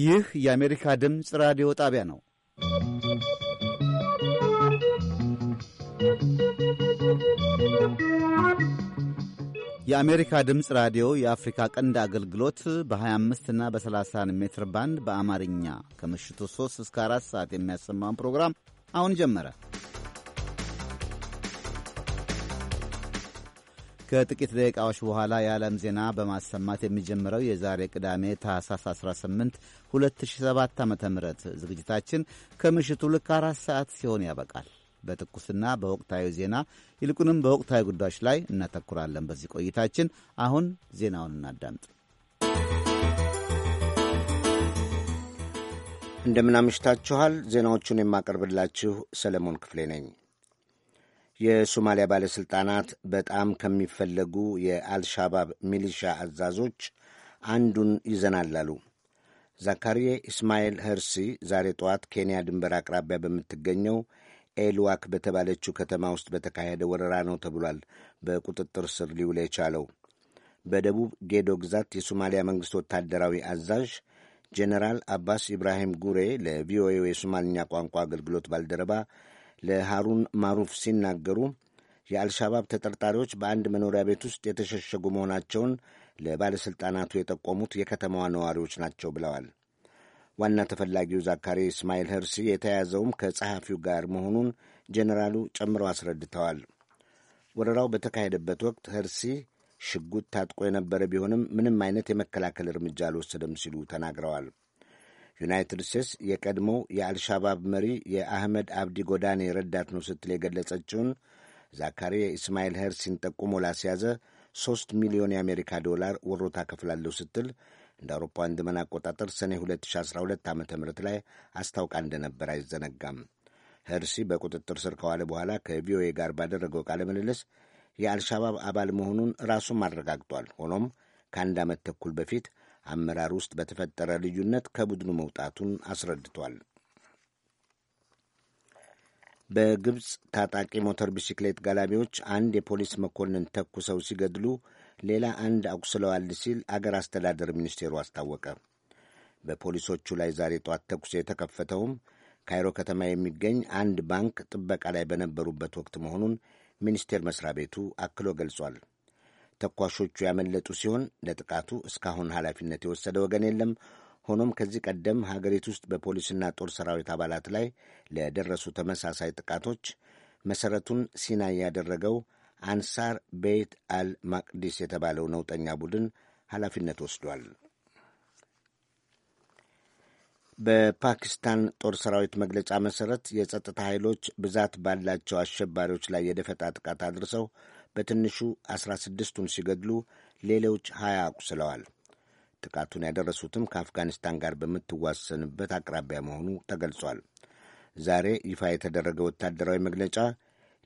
ይህ የአሜሪካ ድምፅ ራዲዮ ጣቢያ ነው። የአሜሪካ ድምፅ ራዲዮ የአፍሪካ ቀንድ አገልግሎት በ25 እና በ30 ሜትር ባንድ በአማርኛ ከምሽቱ 3 እስከ 4 ሰዓት የሚያሰማውን ፕሮግራም አሁን ጀመረ። ከጥቂት ደቂቃዎች በኋላ የዓለም ዜና በማሰማት የሚጀምረው የዛሬ ቅዳሜ ታህሳስ 18 2007 ዓ ም ዝግጅታችን ከምሽቱ ልክ አራት ሰዓት ሲሆን ያበቃል። በትኩስና በወቅታዊ ዜና ይልቁንም በወቅታዊ ጉዳዮች ላይ እናተኩራለን። በዚህ ቆይታችን አሁን ዜናውን እናዳምጥ። እንደምናምሽታችኋል። ዜናዎቹን የማቀርብላችሁ ሰለሞን ክፍሌ ነኝ። የሶማሊያ ባለሥልጣናት በጣም ከሚፈለጉ የአልሻባብ ሚሊሻ አዛዦች አንዱን ይዘናል አሉ። ዛካሪዬ ኢስማኤል ኸርሲ ዛሬ ጠዋት ኬንያ ድንበር አቅራቢያ በምትገኘው ኤልዋክ በተባለችው ከተማ ውስጥ በተካሄደ ወረራ ነው ተብሏል በቁጥጥር ስር ሊውል የቻለው። በደቡብ ጌዶ ግዛት የሶማሊያ መንግሥት ወታደራዊ አዛዥ ጄኔራል አባስ ኢብራሂም ጉሬ ለቪኦኤው የሶማልኛ ቋንቋ አገልግሎት ባልደረባ ለሃሩን ማሩፍ ሲናገሩ የአልሻባብ ተጠርጣሪዎች በአንድ መኖሪያ ቤት ውስጥ የተሸሸጉ መሆናቸውን ለባለሥልጣናቱ የጠቆሙት የከተማዋ ነዋሪዎች ናቸው ብለዋል። ዋና ተፈላጊው ዛካሪ እስማኤል ሄርሲ የተያዘውም ከጸሐፊው ጋር መሆኑን ጄኔራሉ ጨምረው አስረድተዋል። ወረራው በተካሄደበት ወቅት ሄርሲ ሽጉጥ ታጥቆ የነበረ ቢሆንም ምንም አይነት የመከላከል እርምጃ አልወሰደም ሲሉ ተናግረዋል። ዩናይትድ ስቴትስ የቀድሞው የአልሻባብ መሪ የአህመድ አብዲ ጎዳኔ ረዳት ነው ስትል የገለጸችውን ዛካሪ ኢስማኤል ሄርሲን ጠቁሞ ላስያዘ ሦስት ሚሊዮን የአሜሪካ ዶላር ወሮታ ከፍላለሁ ስትል እንደ አውሮፓውያን ዘመን አቆጣጠር ሰኔ 2012 ዓ ም ላይ አስታውቃ እንደነበር አይዘነጋም። ሄርሲ በቁጥጥር ስር ከዋለ በኋላ ከቪኦኤ ጋር ባደረገው ቃለ ምልልስ የአልሻባብ አባል መሆኑን ራሱም አረጋግጧል። ሆኖም ከአንድ ዓመት ተኩል በፊት አመራር ውስጥ በተፈጠረ ልዩነት ከቡድኑ መውጣቱን አስረድቷል። በግብፅ ታጣቂ ሞተር ቢሲክሌት ጋላቢዎች አንድ የፖሊስ መኮንን ተኩሰው ሲገድሉ ሌላ አንድ አቁስለዋል ሲል አገር አስተዳደር ሚኒስቴሩ አስታወቀ። በፖሊሶቹ ላይ ዛሬ ጧት ተኩስ የተከፈተውም ካይሮ ከተማ የሚገኝ አንድ ባንክ ጥበቃ ላይ በነበሩበት ወቅት መሆኑን ሚኒስቴር መስሪያ ቤቱ አክሎ ገልጿል። ተኳሾቹ ያመለጡ ሲሆን ለጥቃቱ እስካሁን ኃላፊነት የወሰደ ወገን የለም። ሆኖም ከዚህ ቀደም ሀገሪቱ ውስጥ በፖሊስና ጦር ሰራዊት አባላት ላይ ለደረሱ ተመሳሳይ ጥቃቶች መሠረቱን ሲና ያደረገው አንሳር ቤት አል ማቅዲስ የተባለው ነውጠኛ ቡድን ኃላፊነት ወስዷል። በፓኪስታን ጦር ሰራዊት መግለጫ መሠረት የጸጥታ ኃይሎች ብዛት ባላቸው አሸባሪዎች ላይ የደፈጣ ጥቃት አድርሰው በትንሹ አስራ ስድስቱን ሲገድሉ ሌሎች ሀያ አቁስለዋል። ጥቃቱን ያደረሱትም ከአፍጋኒስታን ጋር በምትዋሰንበት አቅራቢያ መሆኑ ተገልጿል። ዛሬ ይፋ የተደረገ ወታደራዊ መግለጫ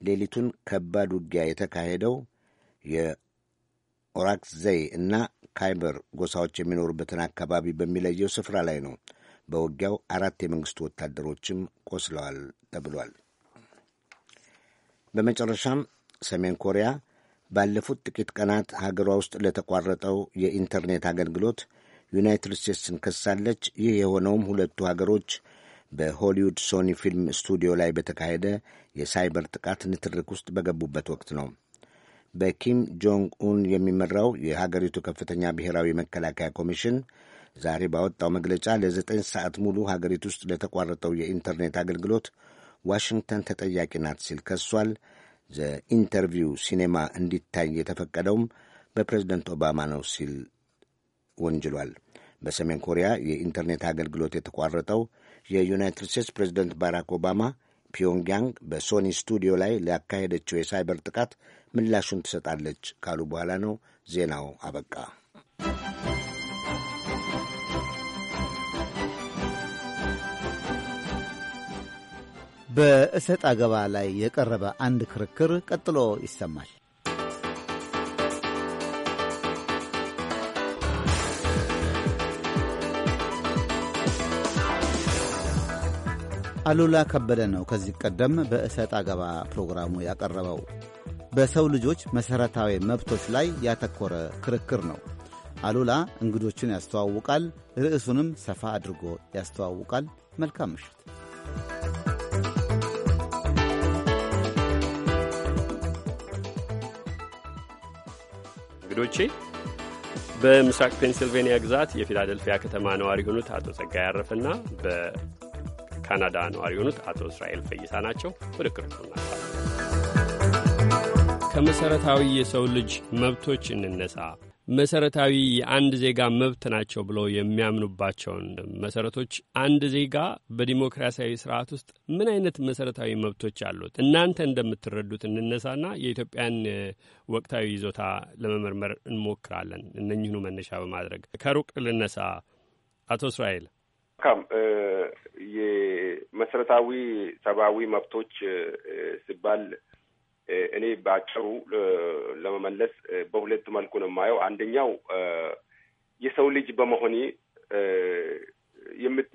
ሌሊቱን ከባድ ውጊያ የተካሄደው የኦራክዘይ እና ካይበር ጎሳዎች የሚኖሩበትን አካባቢ በሚለየው ስፍራ ላይ ነው። በውጊያው አራት የመንግሥቱ ወታደሮችም ቆስለዋል ተብሏል። በመጨረሻም ሰሜን ኮሪያ ባለፉት ጥቂት ቀናት ሀገሯ ውስጥ ለተቋረጠው የኢንተርኔት አገልግሎት ዩናይትድ ስቴትስን ከሳለች። ይህ የሆነውም ሁለቱ ሀገሮች በሆሊውድ ሶኒ ፊልም ስቱዲዮ ላይ በተካሄደ የሳይበር ጥቃት ንትርክ ውስጥ በገቡበት ወቅት ነው። በኪም ጆንግ ኡን የሚመራው የሀገሪቱ ከፍተኛ ብሔራዊ መከላከያ ኮሚሽን ዛሬ ባወጣው መግለጫ ለዘጠኝ ሰዓት ሙሉ ሀገሪቱ ውስጥ ለተቋረጠው የኢንተርኔት አገልግሎት ዋሽንግተን ተጠያቂ ናት ሲል ከሷል። ዘኢንተርቪው ሲኔማ እንዲታይ የተፈቀደውም በፕሬዝደንት ኦባማ ነው ሲል ወንጅሏል። በሰሜን ኮሪያ የኢንተርኔት አገልግሎት የተቋረጠው የዩናይትድ ስቴትስ ፕሬዝደንት ባራክ ኦባማ ፒዮንግያንግ በሶኒ ስቱዲዮ ላይ ሊያካሄደችው የሳይበር ጥቃት ምላሹን ትሰጣለች ካሉ በኋላ ነው። ዜናው አበቃ። በእሰጥ አገባ ላይ የቀረበ አንድ ክርክር ቀጥሎ ይሰማል። አሉላ ከበደ ነው ከዚህ ቀደም በእሰጥ አገባ ፕሮግራሙ ያቀረበው በሰው ልጆች መሠረታዊ መብቶች ላይ ያተኮረ ክርክር ነው። አሉላ እንግዶቹን ያስተዋውቃል፣ ርዕሱንም ሰፋ አድርጎ ያስተዋውቃል። መልካም ምሽት። እንግዶቼ በምስራቅ ፔንስልቬንያ ግዛት የፊላደልፊያ ከተማ ነዋሪ የሆኑት አቶ ጸጋይ አረፈና በካናዳ ነዋሪ የሆኑት አቶ እስራኤል ፈይሳ ናቸው። ወደ ክርቱ ከመሠረታዊ የሰው ልጅ መብቶች እንነሳ። መሰረታዊ የአንድ ዜጋ መብት ናቸው ብለው የሚያምኑባቸውን መሰረቶች አንድ ዜጋ በዲሞክራሲያዊ ስርዓት ውስጥ ምን አይነት መሰረታዊ መብቶች አሉት? እናንተ እንደምትረዱት እንነሳና የኢትዮጵያን ወቅታዊ ይዞታ ለመመርመር እንሞክራለን። እነኝህኑ መነሻ በማድረግ ከሩቅ ልነሳ። አቶ እስራኤል ካም የመሰረታዊ ሰብአዊ መብቶች ሲባል እኔ በአጭሩ ለመመለስ በሁለት መልኩ ነው የማየው። አንደኛው የሰው ልጅ በመሆኔ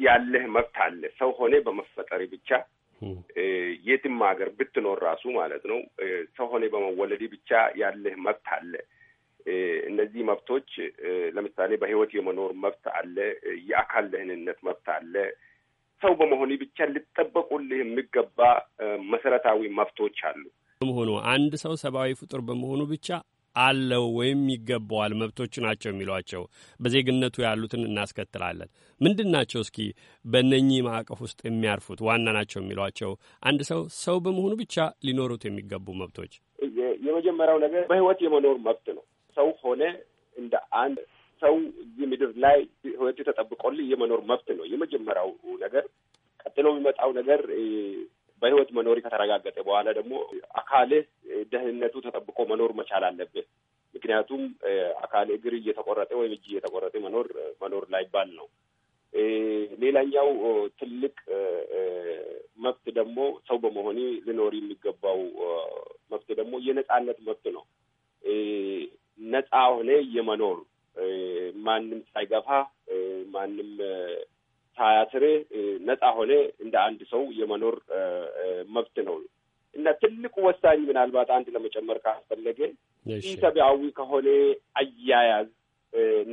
ያለህ መብት አለ። ሰው ሆነ በመፈጠሪ ብቻ የትም ሀገር ብትኖር ራሱ ማለት ነው ሰው ሆነ በመወለድ ብቻ ያለህ መብት አለ። እነዚህ መብቶች ለምሳሌ በህይወት የመኖር መብት አለ። የአካል ደህንነት መብት አለ። ሰው በመሆኔ ብቻ ልጠበቁልህ የሚገባ መሰረታዊ መብቶች አሉ። በመሆኑ አንድ ሰው ሰብአዊ ፍጡር በመሆኑ ብቻ አለው ወይም ይገባዋል መብቶቹ ናቸው የሚሏቸው በዜግነቱ ያሉትን እናስከትላለን። ምንድን ናቸው እስኪ በእነኚህ ማዕቀፍ ውስጥ የሚያርፉት ዋና ናቸው የሚሏቸው አንድ ሰው ሰው በመሆኑ ብቻ ሊኖሩት የሚገቡ መብቶች? የመጀመሪያው ነገር በህይወት የመኖር መብት ነው። ሰው ሆነ እንደ አንድ ሰው እዚህ ምድር ላይ ህይወት የተጠብቆልህ የመኖር መብት ነው የመጀመሪያው ነገር። ቀጥሎ የሚመጣው ነገር በህይወት መኖሪ ከተረጋገጠ በኋላ ደግሞ አካል ደህንነቱ ተጠብቆ መኖር መቻል አለብህ። ምክንያቱም አካል እግር እየተቆረጠ ወይም እጅ እየተቆረጠ መኖር መኖር ላይባል ነው። ሌላኛው ትልቅ መብት ደግሞ ሰው በመሆን ልኖር የሚገባው መብት ደግሞ የነጻነት መብት ነው። ነጻ ሆነ የመኖር ማንም ሳይገፋ ማንም ታያስሬ ነጻ ሆነ እንደ አንድ ሰው የመኖር መብት ነው እና ትልቁ ወሳኝ ምናልባት አንድ ለመጨመር ካስፈለገ ኢሰብአዊ ከሆነ አያያዝ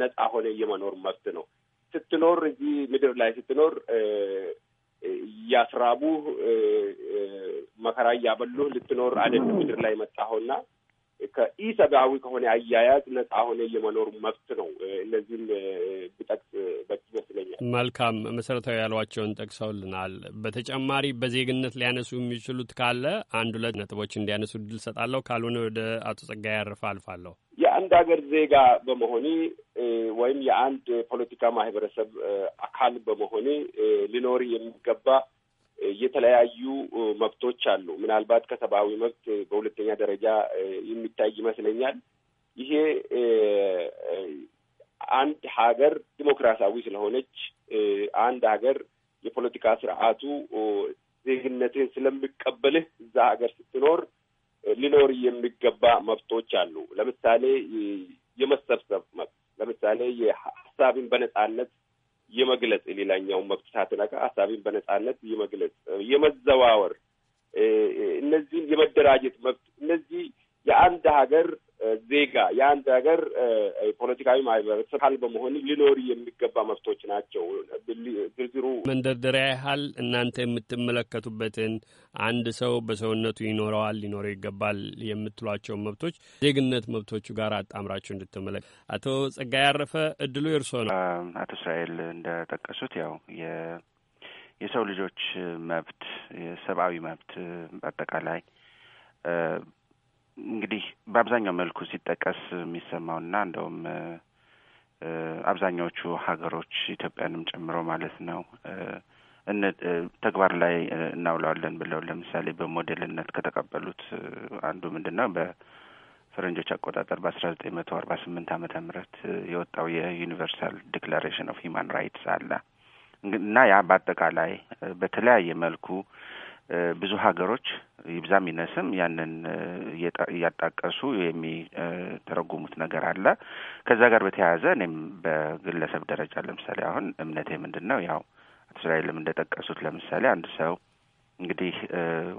ነጻ ሆነ የመኖር መብት ነው። ስትኖር እዚህ ምድር ላይ ስትኖር እያስራቡህ መከራ እያበሉህ ልትኖር አይደለም ምድር ላይ መጣኸውና ከኢሰብአዊ ከሆነ አያያዝ ነጻ ሆነ የመኖር መብት ነው። እነዚህም ብጠቅስ በቂ ይመስለኛል። መልካም መሰረታዊ ያሏቸውን ጠቅሰውልናል። በተጨማሪ በዜግነት ሊያነሱ የሚችሉት ካለ አንድ ሁለት ነጥቦች እንዲያነሱ እድል ሰጣለሁ፣ ካልሆነ ወደ አቶ ጸጋይ አርፋ አልፋለሁ። የአንድ ሀገር ዜጋ በመሆኔ ወይም የአንድ ፖለቲካ ማህበረሰብ አካል በመሆኔ ሊኖር የሚገባ የተለያዩ መብቶች አሉ። ምናልባት ከሰብአዊ መብት በሁለተኛ ደረጃ የሚታይ ይመስለኛል። ይሄ አንድ ሀገር ዲሞክራሲያዊ ስለሆነች አንድ ሀገር የፖለቲካ ስርዓቱ ዜግነትን ስለሚቀበልህ እዛ ሀገር ስትኖር ሊኖር የሚገባ መብቶች አሉ። ለምሳሌ የመሰብሰብ መብት፣ ለምሳሌ የሀሳብን በነጻነት የመግለጽ የሌላኛውን መብት ሳትነካ ሀሳቤን በነጻነት የመግለጽ፣ የመዘዋወር፣ እነዚህን የመደራጀት መብት እነዚህ የአንድ ሀገር ዜጋ የአንድ ሀገር የፖለቲካዊ ማህበረሰብ አካል በመሆን ሊኖሩ የሚገባ መብቶች ናቸው። ዝርዝሩ መንደርደሪያ ያህል እናንተ የምትመለከቱበትን አንድ ሰው በሰውነቱ ይኖረዋል ሊኖረው ይገባል የምትሏቸውን መብቶች ዜግነት መብቶቹ ጋር አጣምራቸው እንድትመለከ አቶ ጸጋ ያረፈ እድሉ የእርስዎ ነው። አቶ እስራኤል እንደጠቀሱት ያው የሰው ልጆች መብት የሰብአዊ መብት በአጠቃላይ እንግዲህ በአብዛኛው መልኩ ሲጠቀስ የሚሰማውና እንደውም አብዛኛዎቹ ሀገሮች ኢትዮጵያንም ጨምሮ ማለት ነው ተግባር ላይ እናውለዋለን ብለው ለምሳሌ በሞዴልነት ከተቀበሉት አንዱ ምንድን ነው በፈረንጆች አቆጣጠር በአስራ ዘጠኝ መቶ አርባ ስምንት ዓመተ ምህረት የወጣው የዩኒቨርሳል ዲክላሬሽን ኦፍ ሂማን ራይትስ አለ እና ያ በአጠቃላይ በተለያየ መልኩ ብዙ ሀገሮች ይብዛም ይነስም ያንን እያጣቀሱ የሚተረጉሙት ነገር አለ። ከዛ ጋር በተያያዘ እኔም በግለሰብ ደረጃ ለምሳሌ አሁን እምነቴ ምንድን ነው ያው አቶ እስራኤልም እንደጠቀሱት ለምሳሌ አንድ ሰው እንግዲህ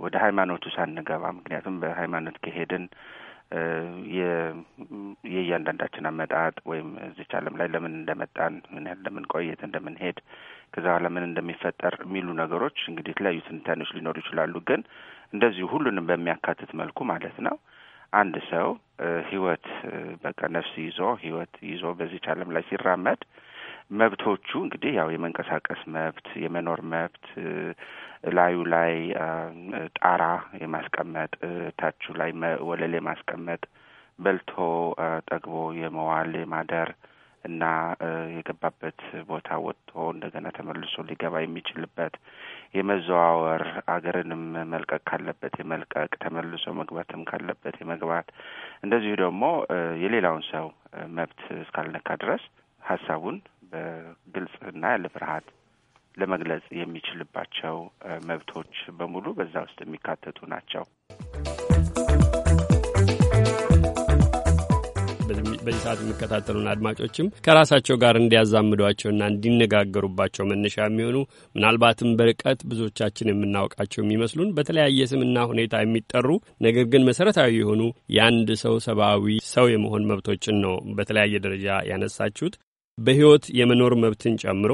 ወደ ሃይማኖቱ ሳንገባ ምክንያቱም በሃይማኖት ከሄድን የእያንዳንዳችን አመጣጥ ወይም እዚች ዓለም ላይ ለምን እንደመጣን ምን ያህል ለምን ቆየት እንደምንሄድ ከዛ በኋላ ምን እንደሚፈጠር የሚሉ ነገሮች እንግዲህ የተለያዩ ትንታኔዎች ሊኖሩ ይችላሉ። ግን እንደዚሁ ሁሉንም በሚያካትት መልኩ ማለት ነው አንድ ሰው ህይወት በቃ ነፍስ ይዞ ህይወት ይዞ በዚች ዓለም ላይ ሲራመድ መብቶቹ እንግዲህ ያው የመንቀሳቀስ መብት፣ የመኖር መብት፣ ላዩ ላይ ጣራ የማስቀመጥ ታቹ ላይ ወለል የማስቀመጥ፣ በልቶ ጠግቦ የመዋል የማደር እና የገባበት ቦታ ወጥቶ እንደገና ተመልሶ ሊገባ የሚችልበት የመዘዋወር አገርንም መልቀቅ ካለበት የመልቀቅ ተመልሶ መግባትም ካለበት የመግባት እንደዚሁ ደግሞ የሌላውን ሰው መብት እስካልነካ ድረስ ሀሳቡን በግልጽና ያለ ፍርሃት ለመግለጽ የሚችልባቸው መብቶች በሙሉ በዛ ውስጥ የሚካተቱ ናቸው። በዚህ ሰዓት የሚከታተሉን አድማጮችም ከራሳቸው ጋር እንዲያዛምዷቸውና እንዲነጋገሩባቸው መነሻ የሚሆኑ ምናልባትም በርቀት ብዙዎቻችን የምናውቃቸው የሚመስሉን በተለያየ ስምና ሁኔታ የሚጠሩ ነገር ግን መሰረታዊ የሆኑ የአንድ ሰው ሰብአዊ ሰው የመሆን መብቶችን ነው በተለያየ ደረጃ ያነሳችሁት በሕይወት የመኖር መብትን ጨምሮ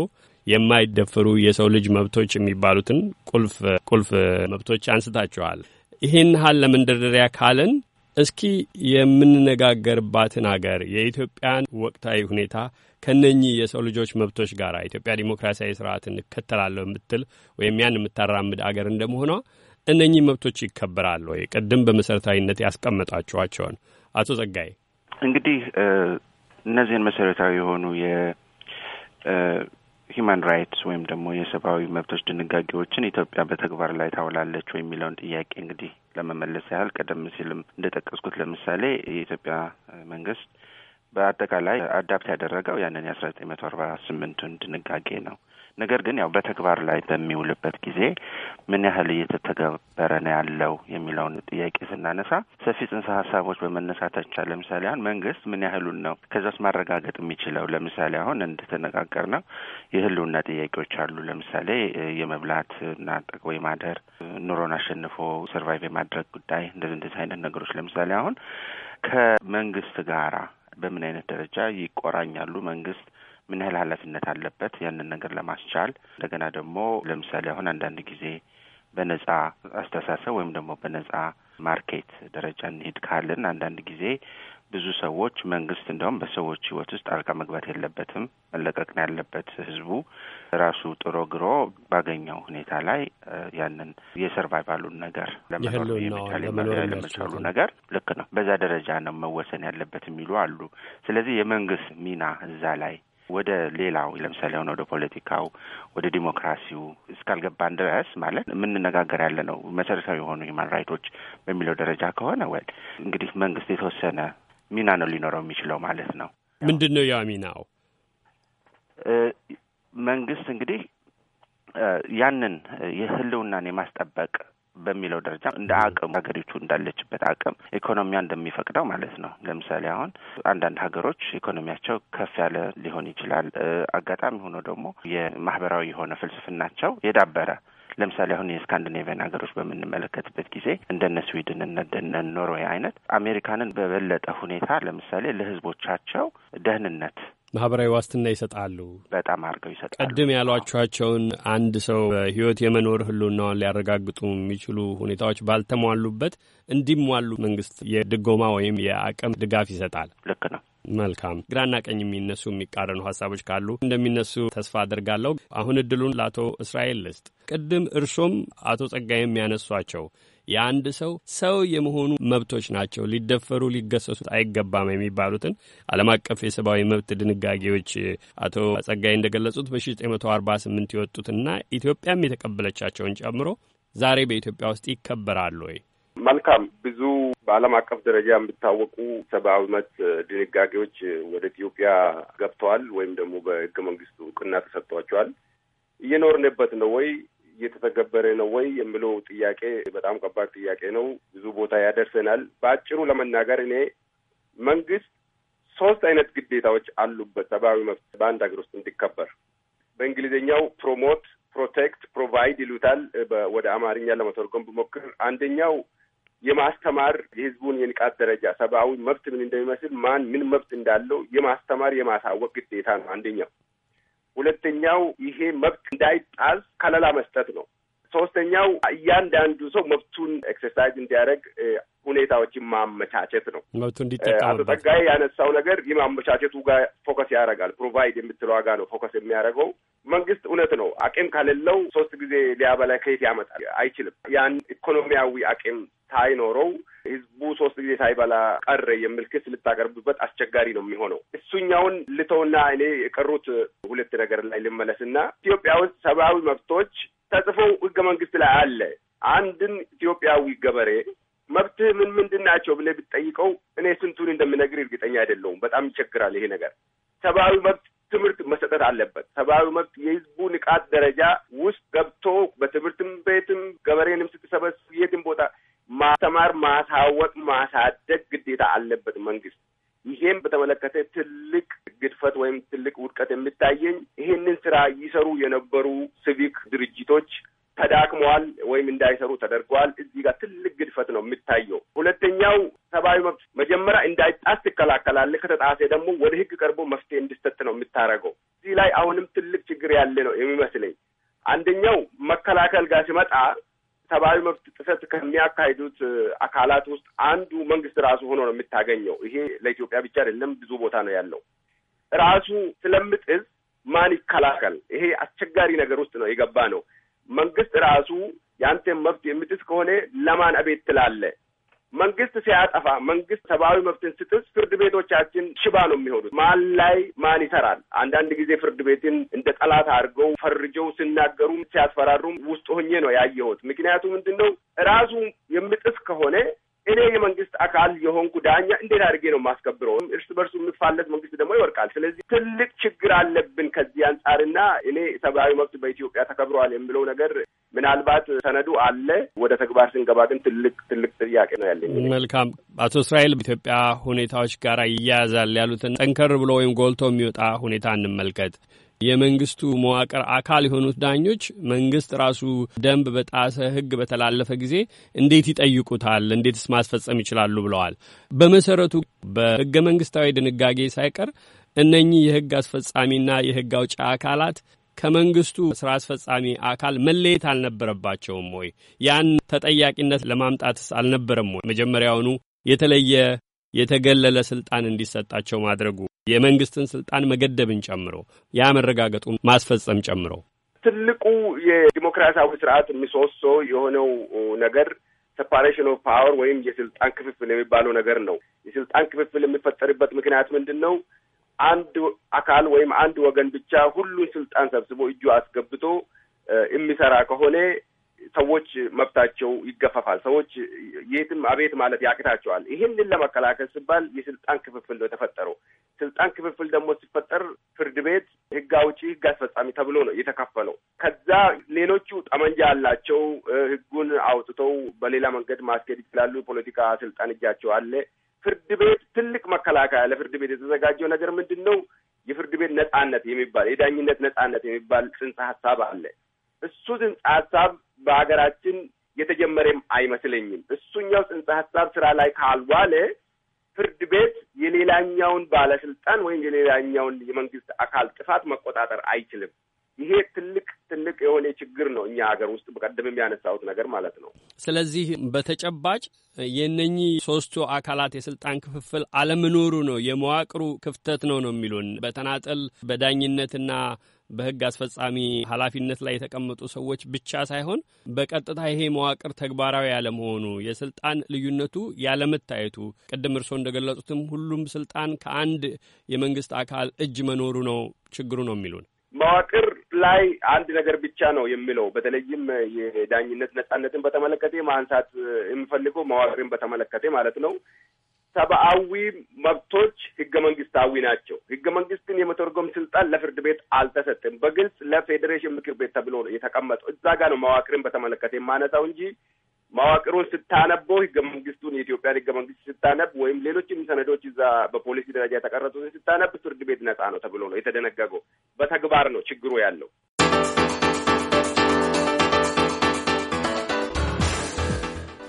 የማይደፈሩ የሰው ልጅ መብቶች የሚባሉትን ቁልፍ ቁልፍ መብቶች አንስታችኋል። ይህን ሀል ለመንደርደሪያ ካለን እስኪ የምንነጋገርባትን አገር የኢትዮጵያን ወቅታዊ ሁኔታ ከነኚህ የሰው ልጆች መብቶች ጋር ኢትዮጵያ ዲሞክራሲያዊ ስርዓት እንከተላለሁ የምትል ወይም ያን የምታራምድ አገር እንደመሆኗ እነኚህ መብቶች ይከበራሉ ወይ? ቅድም በመሰረታዊነት ያስቀመጣችኋቸውን አቶ ጸጋዬ እንግዲህ እነዚህን መሰረታዊ የሆኑ ሂማን ራይትስ ወይም ደግሞ የሰብአዊ መብቶች ድንጋጌዎችን ኢትዮጵያ በተግባር ላይ ታውላለች ወይ የሚለውን ጥያቄ እንግዲህ ለመመለስ ያህል ቀደም ሲልም እንደጠቀስኩት ለምሳሌ የኢትዮጵያ መንግስት በአጠቃላይ አዳፕት ያደረገው ያንን የአስራ ዘጠኝ መቶ አርባ ስምንቱን ድንጋጌ ነው። ነገር ግን ያው በተግባር ላይ በሚውልበት ጊዜ ምን ያህል እየተተገበረ ነው ያለው የሚለውን ጥያቄ ስናነሳ ሰፊ ጽንሰ ሀሳቦች በመነሳታቻ ለምሳሌ አሁን መንግስት ምን ያህሉን ነው ከዛስ ማረጋገጥ የሚችለው? ለምሳሌ አሁን እንደተነጋገር ነው የህልውና ጥያቄዎች አሉ። ለምሳሌ የመብላት እና ጠቅቦ የማደር ኑሮን አሸንፎ ሰርቫይቭ የማድረግ ጉዳይ እንደዚህ እንደዚህ አይነት ነገሮች ለምሳሌ አሁን ከመንግስት ጋራ በምን አይነት ደረጃ ይቆራኛሉ? መንግስት ምን ያህል ኃላፊነት አለበት ያንን ነገር ለማስቻል እንደገና ደግሞ ለምሳሌ አሁን አንዳንድ ጊዜ በነጻ አስተሳሰብ ወይም ደግሞ በነጻ ማርኬት ደረጃ እንሂድ ካልን አንዳንድ ጊዜ ብዙ ሰዎች መንግስት እንደውም በሰዎች ህይወት ውስጥ ጣልቃ መግባት የለበትም፣ መለቀቅን ያለበት ህዝቡ ራሱ ጥሮ ግሮ ባገኘው ሁኔታ ላይ ያንን የሰርቫይቫሉን ነገር ለመኖር ነገር ልክ ነው፣ በዛ ደረጃ ነው መወሰን ያለበት የሚሉ አሉ። ስለዚህ የመንግስት ሚና እዛ ላይ ወደ ሌላው ለምሳሌ አሁን ወደ ፖለቲካው ወደ ዲሞክራሲው እስካልገባን ድረስ ማለት የምንነጋገር ያለ ነው መሰረታዊ የሆኑ ሂማን ራይቶች በሚለው ደረጃ ከሆነ ወል እንግዲህ መንግስት የተወሰነ ሚና ነው ሊኖረው የሚችለው ማለት ነው። ምንድን ነው ያ ሚናው? መንግስት እንግዲህ ያንን የህልውናን የማስጠበቅ በሚለው ደረጃ እንደ አቅም ሀገሪቱ እንዳለችበት አቅም ኢኮኖሚያ እንደሚፈቅደው ማለት ነው። ለምሳሌ አሁን አንዳንድ ሀገሮች ኢኮኖሚያቸው ከፍ ያለ ሊሆን ይችላል። አጋጣሚ ሆኖ ደግሞ የማህበራዊ የሆነ ፍልስፍናቸው የዳበረ ለምሳሌ አሁን የስካንዲኔቪያን ሀገሮች በምንመለከትበት ጊዜ እንደነ ስዊድን እንደነ ኖርዌይ አይነት አሜሪካንን በበለጠ ሁኔታ ለምሳሌ ለህዝቦቻቸው ደህንነት ማህበራዊ ዋስትና ይሰጣሉ። በጣም አድርገው ይሰጣሉ። ቅድም ያሏቸኋቸውን አንድ ሰው በህይወት የመኖር ህልውናዋን ሊያረጋግጡ የሚችሉ ሁኔታዎች ባልተሟሉበት እንዲሟሉ መንግስት የድጎማ ወይም የአቅም ድጋፍ ይሰጣል። ልክ ነው። መልካም ግራና ቀኝ የሚነሱ የሚቃረኑ ሀሳቦች ካሉ እንደሚነሱ ተስፋ አድርጋለሁ። አሁን እድሉን ለአቶ እስራኤል ልስጥ። ቅድም እርሶም አቶ ጸጋዬ የሚያነሷቸው የአንድ ሰው ሰው የመሆኑ መብቶች ናቸው፣ ሊደፈሩ ሊገሰሱት አይገባም የሚባሉትን ዓለም አቀፍ የሰብአዊ መብት ድንጋጌዎች አቶ ጸጋይ እንደገለጹት በ1948 የወጡትና ኢትዮጵያም የተቀበለቻቸውን ጨምሮ ዛሬ በኢትዮጵያ ውስጥ ይከበራሉ ወይ? መልካም ብዙ በዓለም አቀፍ ደረጃ የሚታወቁ ሰብአዊ መብት ድንጋጌዎች ወደ ኢትዮጵያ ገብተዋል ወይም ደግሞ በህገ መንግስቱ እውቅና ተሰጥቷቸዋል። እየኖርንበት ነው ወይ እየተተገበረ ነው ወይ የሚለው ጥያቄ በጣም ከባድ ጥያቄ ነው። ብዙ ቦታ ያደርሰናል። በአጭሩ ለመናገር እኔ መንግስት ሶስት አይነት ግዴታዎች አሉበት ሰብአዊ መብት በአንድ ሀገር ውስጥ እንዲከበር በእንግሊዝኛው ፕሮሞት ፕሮቴክት ፕሮቫይድ ይሉታል። ወደ አማርኛ ለመተርጎም ብሞክር አንደኛው የማስተማር የህዝቡን የንቃት ደረጃ ሰብአዊ መብት ምን እንደሚመስል ማን ምን መብት እንዳለው የማስተማር የማሳወቅ ግዴታ ነው አንደኛው። ሁለተኛው ይሄ መብት እንዳይጣዝ ከለላ መስጠት ነው። ሶስተኛው እያንዳንዱ ሰው መብቱን ኤክሰርሳይዝ እንዲያደርግ ሁኔታዎችን ማመቻቸት ነው። መብቱ እንዲጠቀምበት ጸጋዬ ያነሳው ነገር የማመቻቸቱ ጋር ፎከስ ያደርጋል። ፕሮቫይድ የምትለዋ ጋር ነው ፎከስ የሚያደርገው መንግስት እውነት ነው አቅም ከሌለው ሶስት ጊዜ ሊያበላ ከየት ያመጣል? አይችልም። ያን ኢኮኖሚያዊ አቅም ሳይኖረው ህዝቡ ሶስት ጊዜ ሳይበላ ቀረ የሚል ክስ አስቸጋሪ ነው የሚሆነው። እሱኛውን ልተውና እኔ የቀሩት ሁለት ነገር ላይ ልመለስና ኢትዮጵያ ውስጥ ሰብአዊ መብቶች ተጽፈው ህገ መንግስት ላይ አለ። አንድን ኢትዮጵያዊ ገበሬ መብትህ ምን ምንድን ናቸው ብለህ ብትጠይቀው እኔ ስንቱን እንደምነግር እርግጠኛ አይደለውም። በጣም ይቸግራል ይሄ ነገር። ሰብአዊ መብት ትምህርት መሰጠት አለበት። ሰብአዊ መብት የህዝቡ ንቃት ደረጃ ውስጥ ገብቶ በትምህርትም ቤትም ገበሬንም ስትሰበስብ የትም ቦታ ማስተማር፣ ማሳወቅ፣ ማሳደግ ግዴታ አለበት መንግስት። ይሄም በተመለከተ ትልቅ ግድፈት ወይም ትልቅ ውድቀት የሚታየኝ ይሄንን ስራ ይሰሩ የነበሩ ሲቪክ ድርጅቶች ተዳክመዋል ወይም እንዳይሰሩ ተደርገዋል። እዚህ ጋር ትልቅ ግድፈት ነው የሚታየው። ሁለተኛው ሰብአዊ መብት መጀመሪያ እንዳይጣስ ትከላከላለህ፣ ከተጣሴ ደግሞ ወደ ህግ ቀርቦ መፍትሄ እንዲሰጥ ነው የምታደርገው። እዚህ ላይ አሁንም ትልቅ ችግር ያለ ነው የሚመስለኝ። አንደኛው መከላከል ጋር ሲመጣ ሰብአዊ መብት ጥሰት ከሚያካሂዱት አካላት ውስጥ አንዱ መንግስት ራሱ ሆኖ ነው የምታገኘው። ይሄ ለኢትዮጵያ ብቻ አይደለም፣ ብዙ ቦታ ነው ያለው። ራሱ ስለምጥስ ማን ይከላከል? ይሄ አስቸጋሪ ነገር ውስጥ ነው የገባ ነው። መንግስት ራሱ የአንተን መብት የሚጥስ ከሆነ ለማን አቤት ትላለ? መንግስት ሲያጠፋ መንግስት ሰብአዊ መብትን ስጥስ ፍርድ ቤቶቻችን ሽባ ነው የሚሆኑት። ማን ላይ ማን ይሰራል? አንዳንድ ጊዜ ፍርድ ቤትን እንደ ጠላት አድርገው ፈርጀው ሲናገሩም ሲያስፈራሩም ውስጥ ሆኜ ነው ያየሁት። ምክንያቱ ምንድን ነው? ራሱ የሚጥስ ከሆነ እኔ የመንግስት አካል የሆንኩ ዳኛ እንዴት አድርጌ ነው የማስከብረው? እርስ በርሱ የሚፋለት መንግስት ደግሞ ይወርቃል። ስለዚህ ትልቅ ችግር አለብን ከዚህ አንጻርና እኔ ሰብአዊ መብት በኢትዮጵያ ተከብረዋል የምለው ነገር ምናልባት ሰነዱ አለ፣ ወደ ተግባር ስንገባ ግን ትልቅ ትልቅ ጥያቄ ነው ያለኝ። መልካም አቶ እስራኤል ኢትዮጵያ ሁኔታዎች ጋር ይያያዛል ያሉትን ጠንከር ብሎ ወይም ጎልቶ የሚወጣ ሁኔታ እንመልከት። የመንግስቱ መዋቅር አካል የሆኑት ዳኞች መንግስት ራሱ ደንብ በጣሰ ህግ በተላለፈ ጊዜ እንዴት ይጠይቁታል? እንዴትስ ማስፈጸም ይችላሉ? ብለዋል። በመሰረቱ በህገ መንግስታዊ ድንጋጌ ሳይቀር እነኚህ የህግ አስፈጻሚና የህግ አውጪ አካላት ከመንግስቱ ስራ አስፈጻሚ አካል መለየት አልነበረባቸውም ወይ? ያን ተጠያቂነት ለማምጣትስ አልነበረም ወይ? መጀመሪያውኑ የተለየ የተገለለ ስልጣን እንዲሰጣቸው ማድረጉ የመንግስትን ስልጣን መገደብን ጨምሮ ያ መረጋገጡን ማስፈጸም ጨምሮ ትልቁ የዲሞክራሲያዊ ስርዓት የሚሶሶ የሆነው ነገር ሴፓሬሽን ኦፍ ፓወር ወይም የስልጣን ክፍፍል የሚባለው ነገር ነው። የስልጣን ክፍፍል የሚፈጠርበት ምክንያት ምንድን ነው? አንድ አካል ወይም አንድ ወገን ብቻ ሁሉን ስልጣን ሰብስቦ እጁ አስገብቶ የሚሰራ ከሆነ ሰዎች መብታቸው ይገፈፋል። ሰዎች የትም አቤት ማለት ያቅታቸዋል። ይህንን ለመከላከል ሲባል የስልጣን ክፍፍል ነው የተፈጠረው። ስልጣን ክፍፍል ደግሞ ሲፈጠር ፍርድ ቤት፣ ህግ አውጪ፣ ህግ አስፈጻሚ ተብሎ ነው የተከፈለው። ከዛ ሌሎቹ ጠመንጃ ያላቸው ህጉን አውጥተው በሌላ መንገድ ማስኬድ ይችላሉ። የፖለቲካ ስልጣን እጃቸው አለ። ፍርድ ቤት ትልቅ መከላከያ ለፍርድ ቤት የተዘጋጀው ነገር ምንድን ነው? የፍርድ ቤት ነጻነት የሚባል የዳኝነት ነጻነት የሚባል ጽንሰ ሀሳብ አለ። እሱ ጽንሰ ሀሳብ በሀገራችን የተጀመረም አይመስለኝም። እሱኛው ጽንሰ ሀሳብ ስራ ላይ ካልዋለ ፍርድ ቤት የሌላኛውን ባለስልጣን ወይም የሌላኛውን የመንግስት አካል ጥፋት መቆጣጠር አይችልም። ይሄ ትልቅ ትልቅ የሆነ ችግር ነው እኛ ሀገር ውስጥ በቀደምም ያነሳሁት ነገር ማለት ነው። ስለዚህ በተጨባጭ የእነኚህ ሶስቱ አካላት የስልጣን ክፍፍል አለመኖሩ ነው የመዋቅሩ ክፍተት ነው ነው የሚሉን በተናጠል በዳኝነትና በህግ አስፈጻሚ ኃላፊነት ላይ የተቀመጡ ሰዎች ብቻ ሳይሆን በቀጥታ ይሄ መዋቅር ተግባራዊ ያለመሆኑ የስልጣን ልዩነቱ ያለመታየቱ ቅድም እርስዎ እንደገለጹትም ሁሉም ስልጣን ከአንድ የመንግስት አካል እጅ መኖሩ ነው ችግሩ ነው የሚሉን። መዋቅር ላይ አንድ ነገር ብቻ ነው የሚለው በተለይም የዳኝነት ነጻነትን በተመለከተ ማንሳት የሚፈልገው መዋቅርን በተመለከተ ማለት ነው ሰብአዊ መብቶች ህገ መንግስታዊ ናቸው። ህገ መንግስትን የመተርጎም ስልጣን ለፍርድ ቤት አልተሰጥም። በግልጽ ለፌዴሬሽን ምክር ቤት ተብሎ ነው የተቀመጠው። እዛ ጋ ነው መዋቅርን በተመለከተ የማነሳው እንጂ መዋቅሩን ስታነበው ህገ መንግስቱን የኢትዮጵያን ህገ መንግስት ስታነብ ወይም ሌሎችም ሰነዶች እዛ በፖሊሲ ደረጃ የተቀረጹትን ስታነብ ፍርድ ቤት ነጻ ነው ተብሎ ነው የተደነገገው። በተግባር ነው ችግሩ ያለው።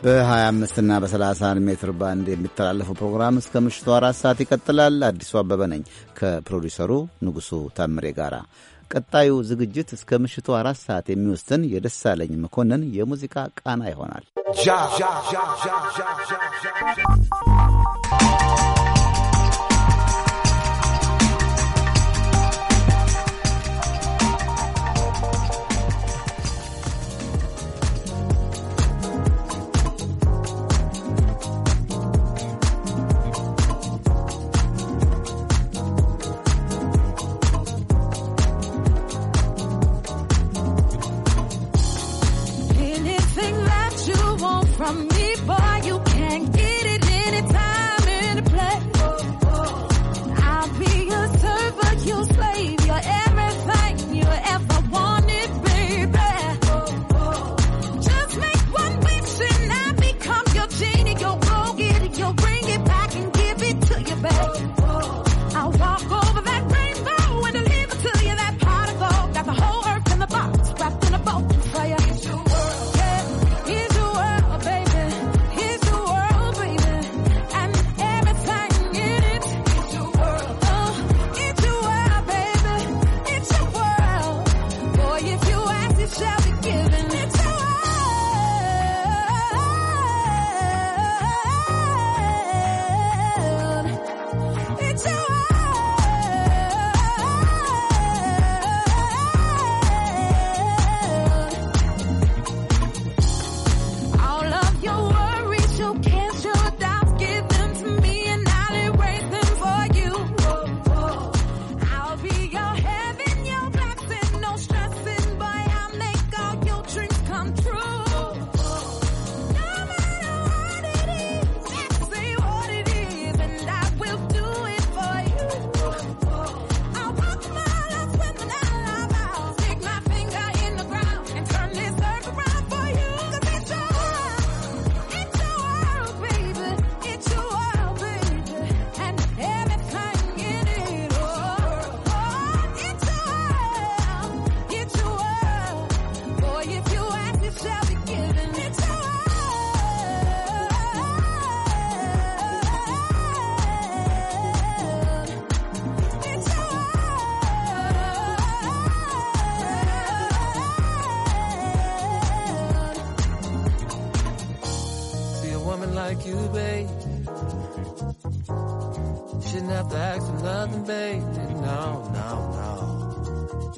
በ25 እና በ31 ሜትር ባንድ የሚተላለፈው ፕሮግራም እስከ ምሽቱ አራት ሰዓት ይቀጥላል። አዲሱ አበበ ነኝ ከፕሮዲሰሩ ንጉሡ ታምሬ ጋር። ቀጣዩ ዝግጅት እስከ ምሽቱ አራት ሰዓት የሚወስድን የደሳለኝ መኮንን የሙዚቃ ቃና ይሆናል።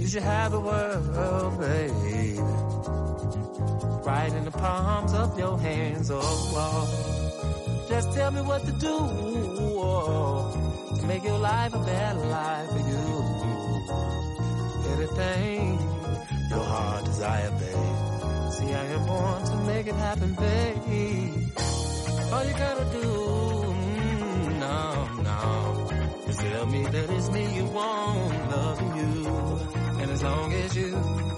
You should have the world, baby. Right in the palms of your hands, oh, oh. Just tell me what to do, oh, to make your life a better life for you. Anything your heart desire, baby. See, I am born to make it happen, baby. All you gotta do, mm, no, no, is tell me that it's me you want, loving you as long as you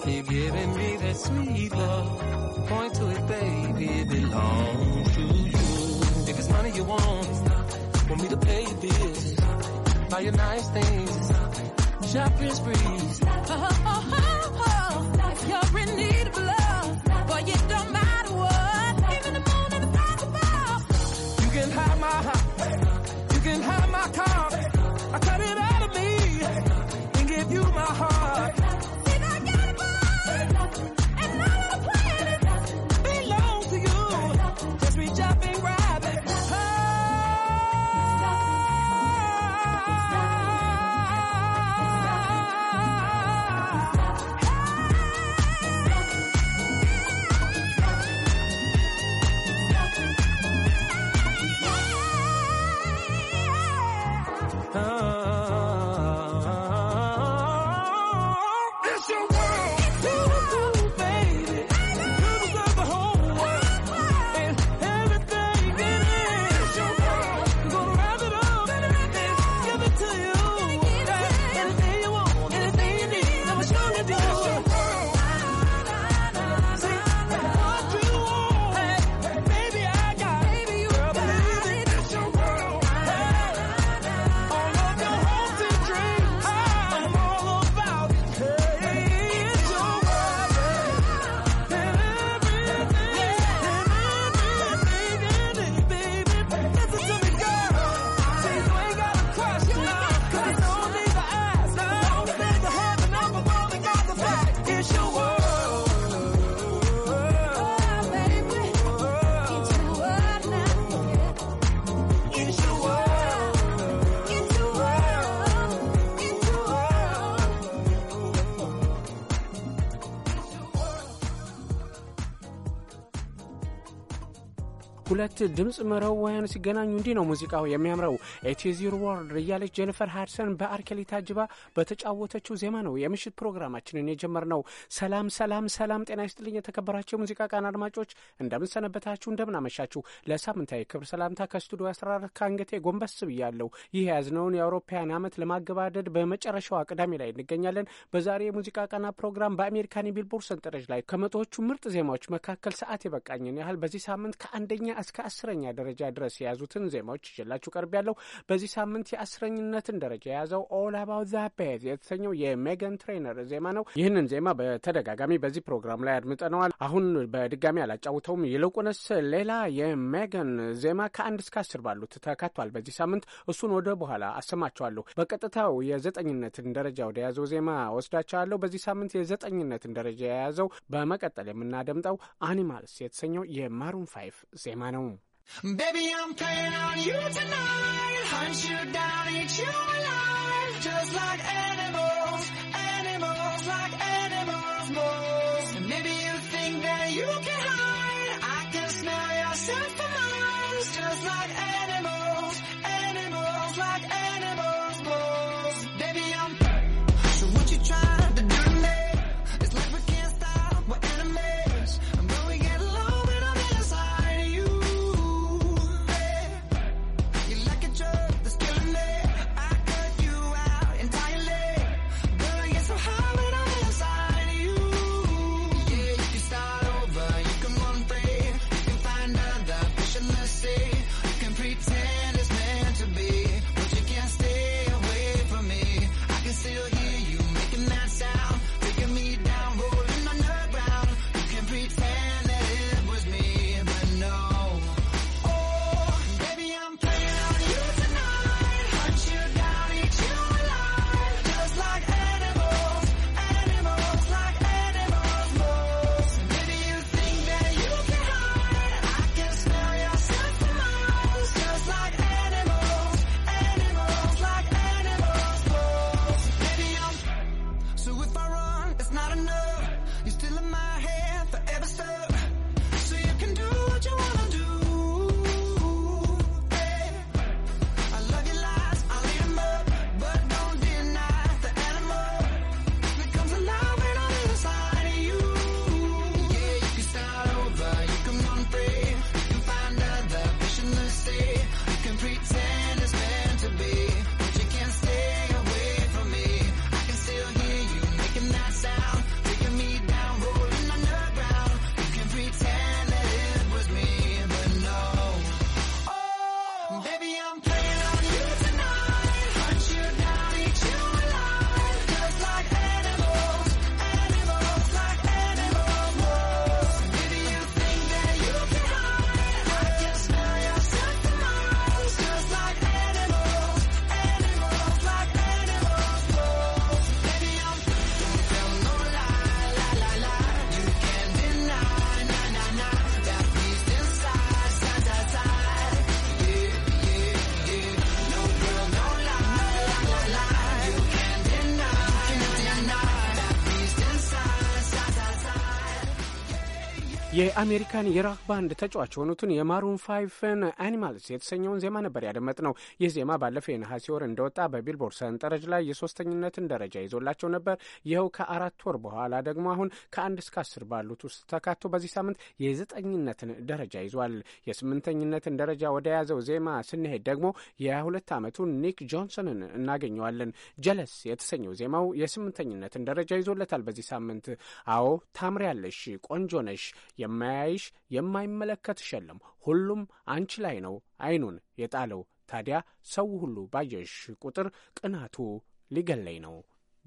keep giving me that sweet love. Point to it, baby, it belongs to you. If it's money you want, want me to pay your bills, buy you nice things, shopping sprees. Oh, if you're in need. But ሁለት ድምፅ መረወያን ሲገናኙ እንዲህ ነው ሙዚቃው የሚያምረው። ኤቲዚር ወርልድ እያለች ጄኒፈር ሃድሰን በአርኬሊ ታጅባ በተጫወተችው ዜማ ነው የምሽት ፕሮግራማችንን የጀመርነው። ሰላም ሰላም ሰላም፣ ጤና ይስጥልኝ የተከበራቸው የሙዚቃ ቃን አድማጮች እንደምንሰነበታችሁ፣ እንደምናመሻችሁ። ለሳምንታዊ ክብር ሰላምታ ከስቱዲዮ 14 ከአንገቴ ጎንበስ ብያለሁ። ይህ የያዝነውን የአውሮፓውያን ዓመት ለማገባደድ በመጨረሻው ቅዳሜ ላይ እንገኛለን። በዛሬ የሙዚቃ ቃና ፕሮግራም በአሜሪካን የቢልቦርድ ሰንጠረዥ ላይ ከመቶዎቹ ምርጥ ዜማዎች መካከል ሰዓት የበቃኝን ያህል በዚህ ሳምንት ከአንደኛ እስከ አስረኛ ደረጃ ድረስ የያዙትን ዜማዎች ይዤላችሁ ቀርብ ያለው በዚህ ሳምንት የአስረኝነትን ደረጃ የያዘው ኦል አባውት ዘ ቤዝ የተሰኘው የሜገን ትሬነር ዜማ ነው። ይህንን ዜማ በተደጋጋሚ በዚህ ፕሮግራም ላይ አድምጠነዋል። አሁን በድጋሚ አላጫውተውም። ይልቁንስ ሌላ የሜገን ዜማ ከአንድ እስከ አስር ባሉት ተካቷል በዚህ ሳምንት። እሱን ወደ በኋላ አሰማቸዋለሁ። በቀጥታው የዘጠኝነትን ደረጃ ወደ ያዘው ዜማ ወስዳቸዋለሁ። በዚህ ሳምንት የዘጠኝነትን ደረጃ የያዘው በመቀጠል የምናደምጠው አኒማልስ የተሰኘው የማሩን ፋይፍ ዜማ ነው። Baby, I'm playing on you tonight. Hunt you down, eat you alive. Just like animals. የአሜሪካን የራክ ባንድ ተጫዋች የሆኑትን የማሩን ፋይፍን አኒማልስ የተሰኘውን ዜማ ነበር ያደመጥ ነው። ይህ ዜማ ባለፈው የነሐሴ ወር እንደወጣ በቢልቦርድ ሰንጠረዥ ላይ የሶስተኝነትን ደረጃ ይዞላቸው ነበር። ይኸው ከአራት ወር በኋላ ደግሞ አሁን ከአንድ እስከ አስር ባሉት ውስጥ ተካቶ በዚህ ሳምንት የዘጠኝነትን ደረጃ ይዟል። የስምንተኝነትን ደረጃ ወደ ያዘው ዜማ ስንሄድ ደግሞ የሁለት ዓመቱን ኒክ ጆንሰንን እናገኘዋለን። ጀለስ የተሰኘው ዜማው የስምንተኝነትን ደረጃ ይዞለታል በዚህ ሳምንት። አዎ ታምሪያለሽ፣ ቆንጆ ነሽ የማ የማያይሽ የማይመለከትሽ ሁሉም አንቺ ላይ ነው አይኑን የጣለው። ታዲያ ሰው ሁሉ ባየሽ ቁጥር ቅናቱ ሊገለይ ነው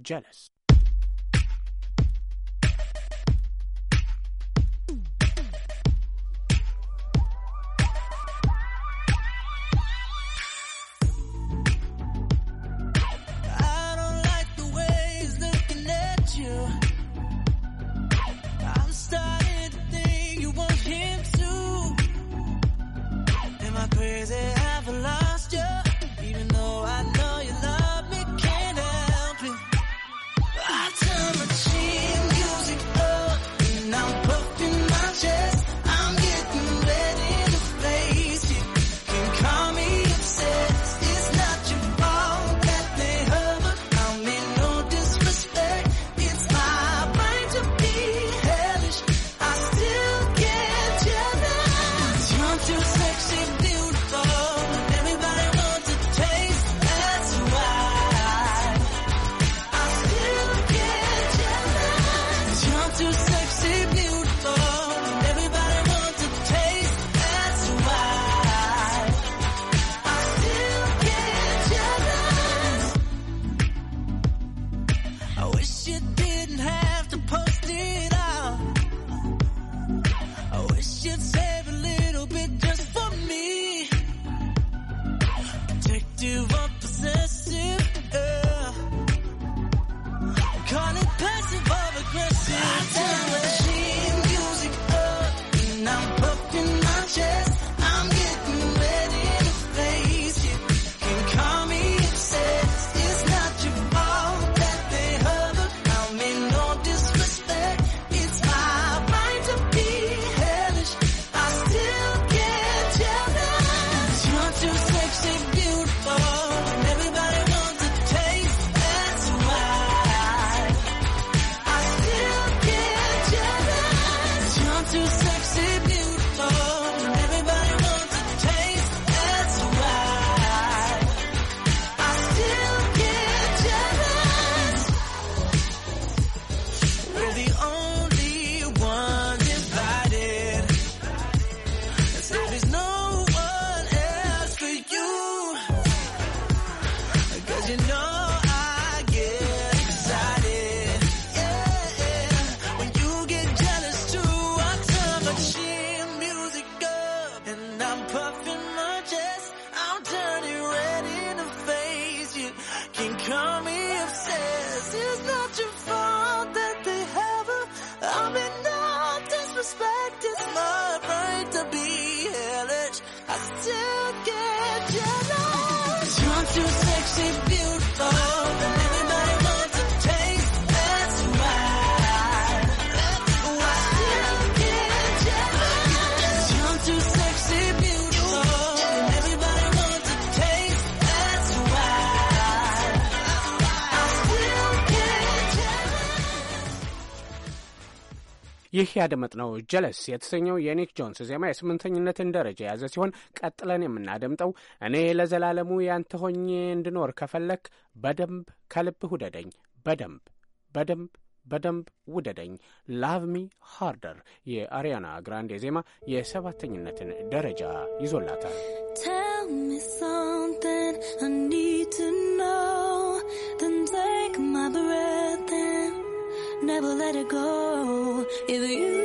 ጀለስ ያደመጥነው ጀለስ የተሰኘው የኒክ ጆንስ ዜማ የስምንተኝነትን ደረጃ የያዘ ሲሆን ቀጥለን የምናደምጠው እኔ ለዘላለሙ ያንተ ሆኜ እንድኖር ከፈለክ በደንብ ከልብህ ውደደኝ፣ በደንብ በደንብ በደንብ ውደደኝ፣ ላቭ ሚ ሃርደር የአሪያና ግራንዴ ዜማ የሰባተኝነትን ደረጃ ይዞላታል። never let it go. If you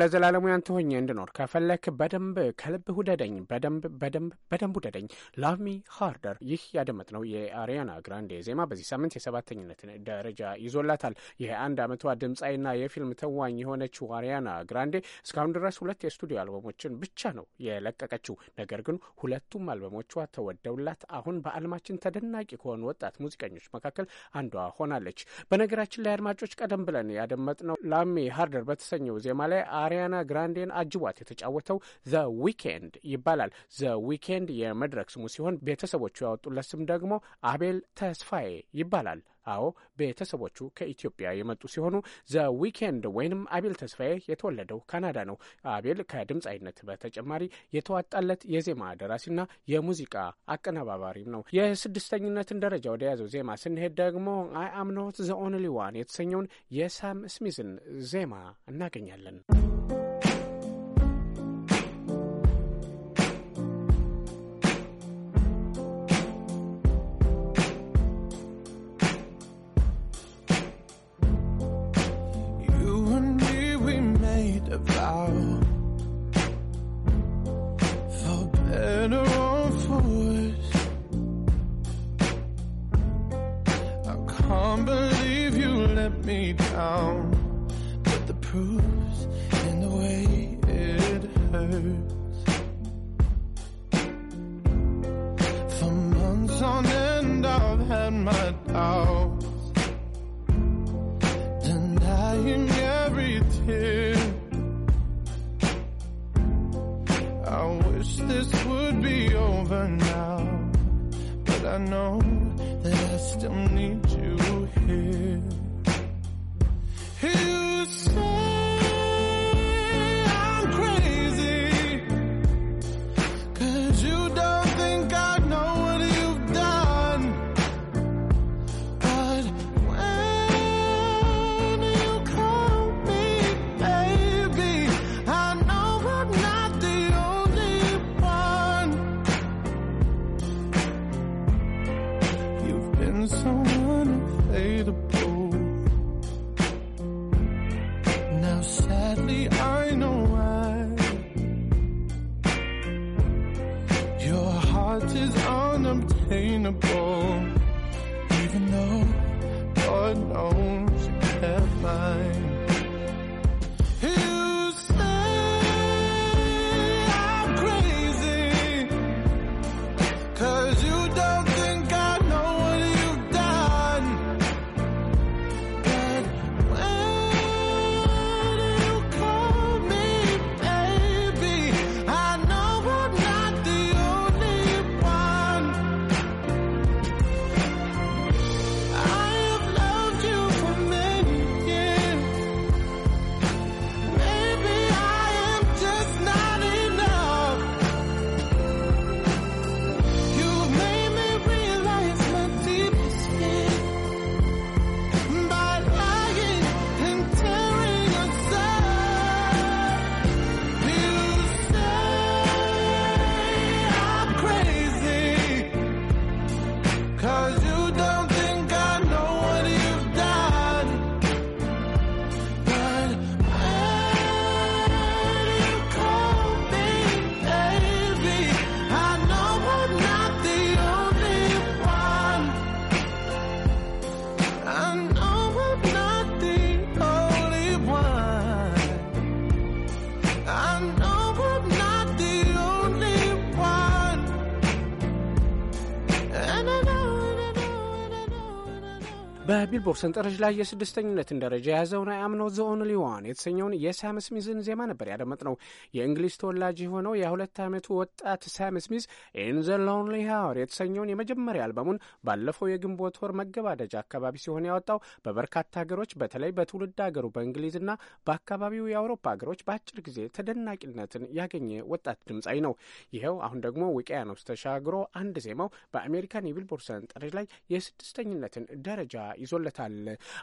ለዘላለሙ ያንተ ሆኜ እንድኖር ከፈለክ በደንብ ከልብ ውደደኝ። በደንብ በደንብ በደንብ ውደደኝ። ላቭሚ ሃርደር። ይህ ያደመጥነው የአሪያና ግራንዴ ዜማ በዚህ ሳምንት የሰባተኝነት ደረጃ ይዞላታል። የአንድ ዓመቷ ድምፃዊና የፊልም ተዋኝ የሆነችው አሪያና ግራንዴ እስካሁን ድረስ ሁለት የስቱዲዮ አልበሞችን ብቻ ነው የለቀቀችው። ነገር ግን ሁለቱም አልበሞቿ ተወደውላት አሁን በዓለማችን ተደናቂ ከሆኑ ወጣት ሙዚቀኞች መካከል አንዷ ሆናለች። በነገራችን ላይ አድማጮች፣ ቀደም ብለን ያደመጥነው ላሚ ሃርደር በተሰኘው ዜማ ላይ አሪያና ግራንዴን አጅቧት የተጫወተው ዘ ዊኬንድ ይባላል። ዘ ዊኬንድ የመድረክ ስሙ ሲሆን ቤተሰቦቹ ያወጡለት ስም ደግሞ አቤል ተስፋዬ ይባላል። አዎ ቤተሰቦቹ ከኢትዮጵያ የመጡ ሲሆኑ ዘ ዊኬንድ ወይንም አቤል ተስፋዬ የተወለደው ካናዳ ነው። አቤል ከድምፃዊነት በተጨማሪ የተዋጣለት የዜማ ደራሲና የሙዚቃ አቀነባባሪም ነው። የስድስተኝነትን ደረጃ ወደ ያዘው ዜማ ስንሄድ ደግሞ አይ አም ኖት ዘ ኦንሊ ዋን የተሰኘውን የሳም ስሚዝን ዜማ እናገኛለን። በቢልቦርድ ሰንጠረዥ ላይ የስድስተኝነትን ደረጃ የያዘውን አይ አም ኖት ዘ ኦንሊ ዋን የተሰኘውን የሳም ስሚዝን ዜማ ነበር ያደመጥነው። የእንግሊዝ ተወላጅ የሆነው የሁለት ዓመቱ ወጣት ሳም ስሚዝ ኢን ዘ ሎንሊ ሃወር የተሰኘውን የመጀመሪያ አልበሙን ባለፈው የግንቦት ወር መገባደጃ አካባቢ ሲሆን ያወጣው በበርካታ ሀገሮች በተለይ በትውልድ ሀገሩ በእንግሊዝና በአካባቢው የአውሮፓ ሀገሮች በአጭር ጊዜ ተደናቂነትን ያገኘ ወጣት ድምፃዊ ነው። ይኸው አሁን ደግሞ ውቅያኖስ ተሻግሮ አንድ ዜማው በአሜሪካን የቢልቦርድ ሰንጠረዥ ላይ የስድስተኝነትን ደረጃ ይዞለታል።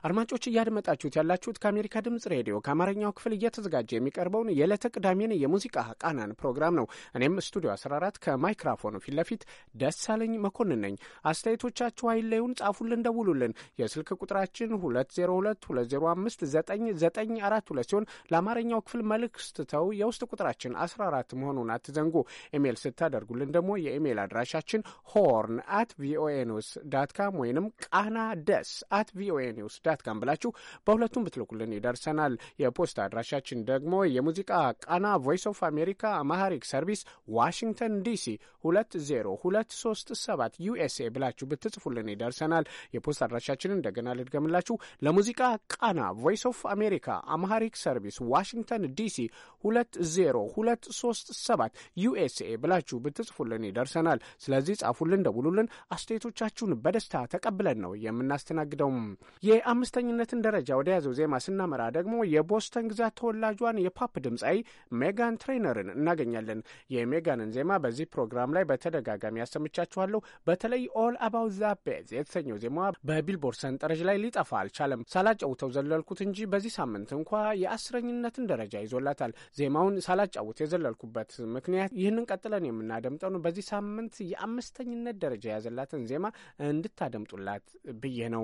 አድማጮች እያደመጣችሁት ያላችሁት ከአሜሪካ ድምጽ ሬዲዮ ከአማርኛው ክፍል እየተዘጋጀ የሚቀርበውን የዕለተ ቅዳሜን የሙዚቃ ቃናን ፕሮግራም ነው። እኔም ስቱዲዮ 14 ከማይክራፎኑ ፊት ለፊት ደሳለኝ መኮንን ነኝ። አስተያየቶቻችሁ አይለዩን፣ ጻፉልን፣ ደውሉልን። የስልክ ቁጥራችን 2022059942 ሲሆን ለአማርኛው ክፍል መልእክት ስትተው የውስጥ ቁጥራችን 14 መሆኑን አትዘንጉ። ኢሜይል ስታደርጉልን ደግሞ የኢሜይል አድራሻችን ሆርን አት ቪኦኤ ኒውስ ዳት ካም ወይንም ቃና ደስ አት ቪኦኤ ኒውስ ዳት ካም ብላችሁ በሁለቱም ብትልኩልን ይደርሰናል። የፖስት አድራሻችን ደግሞ የሙዚቃ ቃና ቮይስ ኦፍ አሜሪካ አማሃሪክ ሰርቪስ ዋሽንግተን ዲሲ 20237 ዩኤስኤ ብላችሁ ብትጽፉልን ይደርሰናል። የፖስት አድራሻችንን እንደገና ልድገምላችሁ። ለሙዚቃ ቃና ቮይስ ኦፍ አሜሪካ አማሃሪክ ሰርቪስ ዋሽንግተን ዲሲ 20237 ዩኤስኤ ብላችሁ ብትጽፉልን ይደርሰናል። ስለዚህ ጻፉልን፣ ደውሉልን። አስተያየቶቻችሁን በደስታ ተቀብለን ነው የምናስተናግ አያስተናግደውም። የአምስተኝነትን ደረጃ ወደ ያዘው ዜማ ስናመራ ደግሞ የቦስተን ግዛት ተወላጇን የፓፕ ድምፃዊ ሜጋን ትሬነርን እናገኛለን። የሜጋንን ዜማ በዚህ ፕሮግራም ላይ በተደጋጋሚ ያሰምቻችኋለሁ። በተለይ ኦል አባውት ዛ ቤዝ የተሰኘው ዜማዋ በቢልቦርድ ሰንጠረዥ ላይ ሊጠፋ አልቻለም። ሳላጫውተው ዘለልኩት እንጂ በዚህ ሳምንት እንኳ የአስረኝነትን ደረጃ ይዞላታል። ዜማውን ሳላጫውት የዘለልኩበት ምክንያት ይህንን ቀጥለን የምናደምጠው ነው። በዚህ ሳምንት የአምስተኝነት ደረጃ የያዘላትን ዜማ እንድታደምጡላት ብዬ ነው።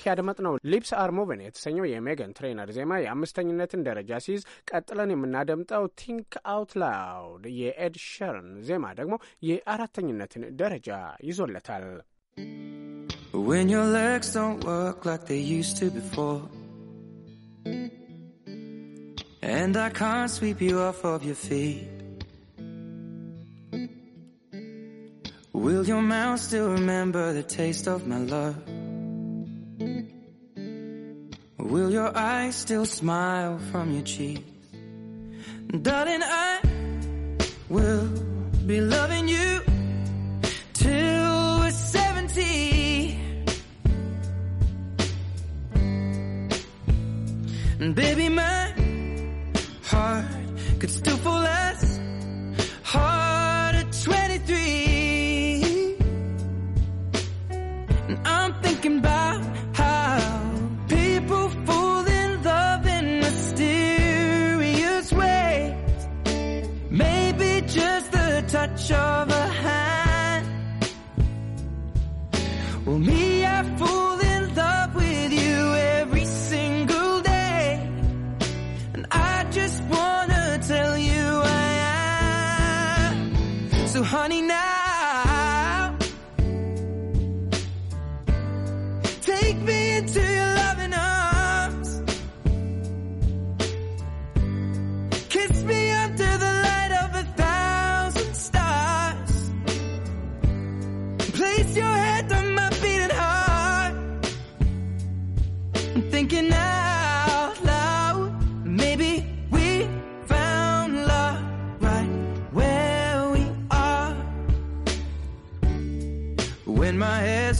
ይህ ያደመጥነው ሊፕስ አርሞቨን የተሰኘው የሜገን ትሬነር ዜማ የአምስተኝነትን ደረጃ ሲይዝ፣ ቀጥለን የምናደምጠው ቲንክ አውት ላውድ የኤድ ሸርን ዜማ ደግሞ የአራተኝነትን ደረጃ ይዞለታል። When your legs don't work like they used to before And I can't sweep you off of your feet Will your mouth still remember the taste of my love? Will your eyes still smile from your cheeks? Darling, I will be loving you till we're 70. And baby, my heart could still fall as shove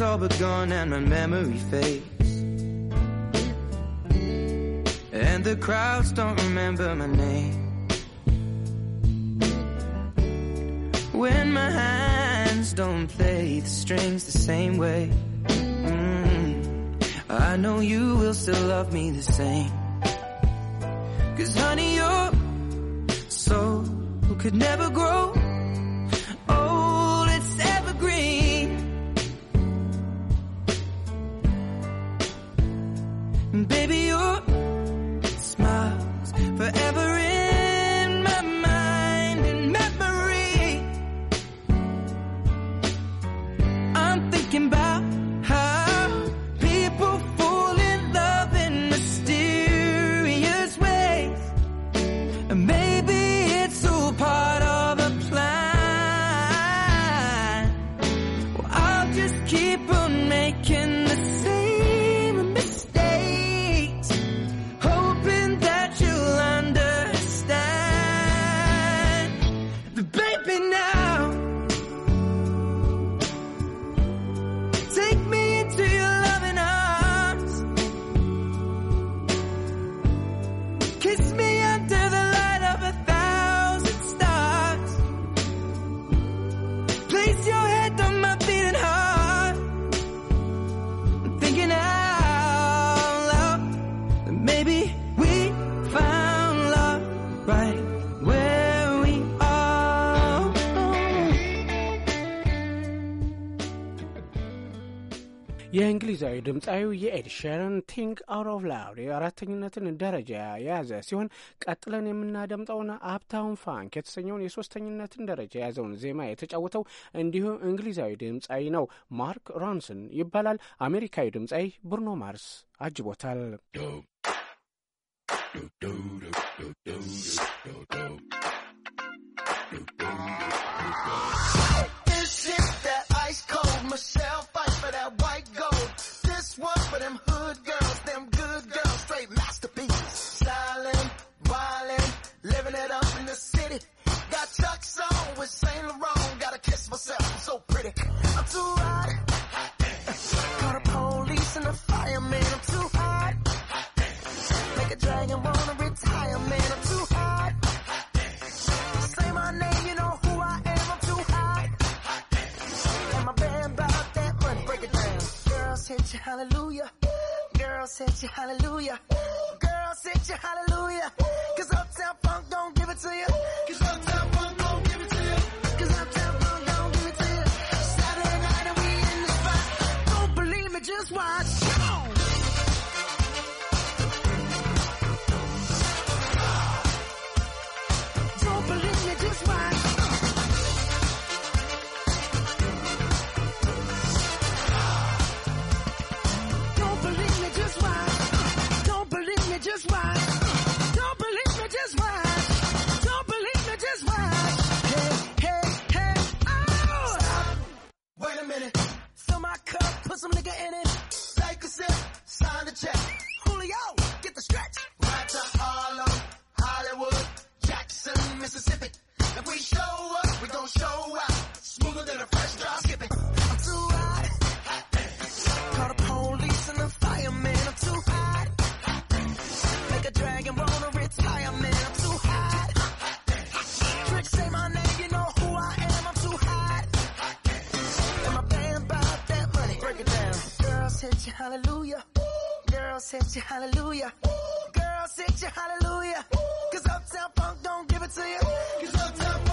All but gone, and my memory fades. And the crowds don't remember my name. When my hands don't play the strings the same way. Mm, I know you will still love me the same. Cause honey, your soul could never grow እንግሊዛዊ ድምፃዊ የኤድ ሸረን ቲንክ አውት ኦፍ ላውድ የአራተኝነትን ደረጃ የያዘ ሲሆን ቀጥለን የምናደምጠውን አፕታውን ፋንክ የተሰኘውን የሶስተኝነትን ደረጃ የያዘውን ዜማ የተጫወተው እንዲሁ እንግሊዛዊ ድምፃዊ ነው። ማርክ ሮንሰን ይባላል። አሜሪካዊ ድምፃዊ ብሩኖ ማርስ አጅቦታል። said hallelujah. Girl, set you hallelujah. Girl, set you hallelujah. Cause Uptown Funk don't give it to you. Cause Uptown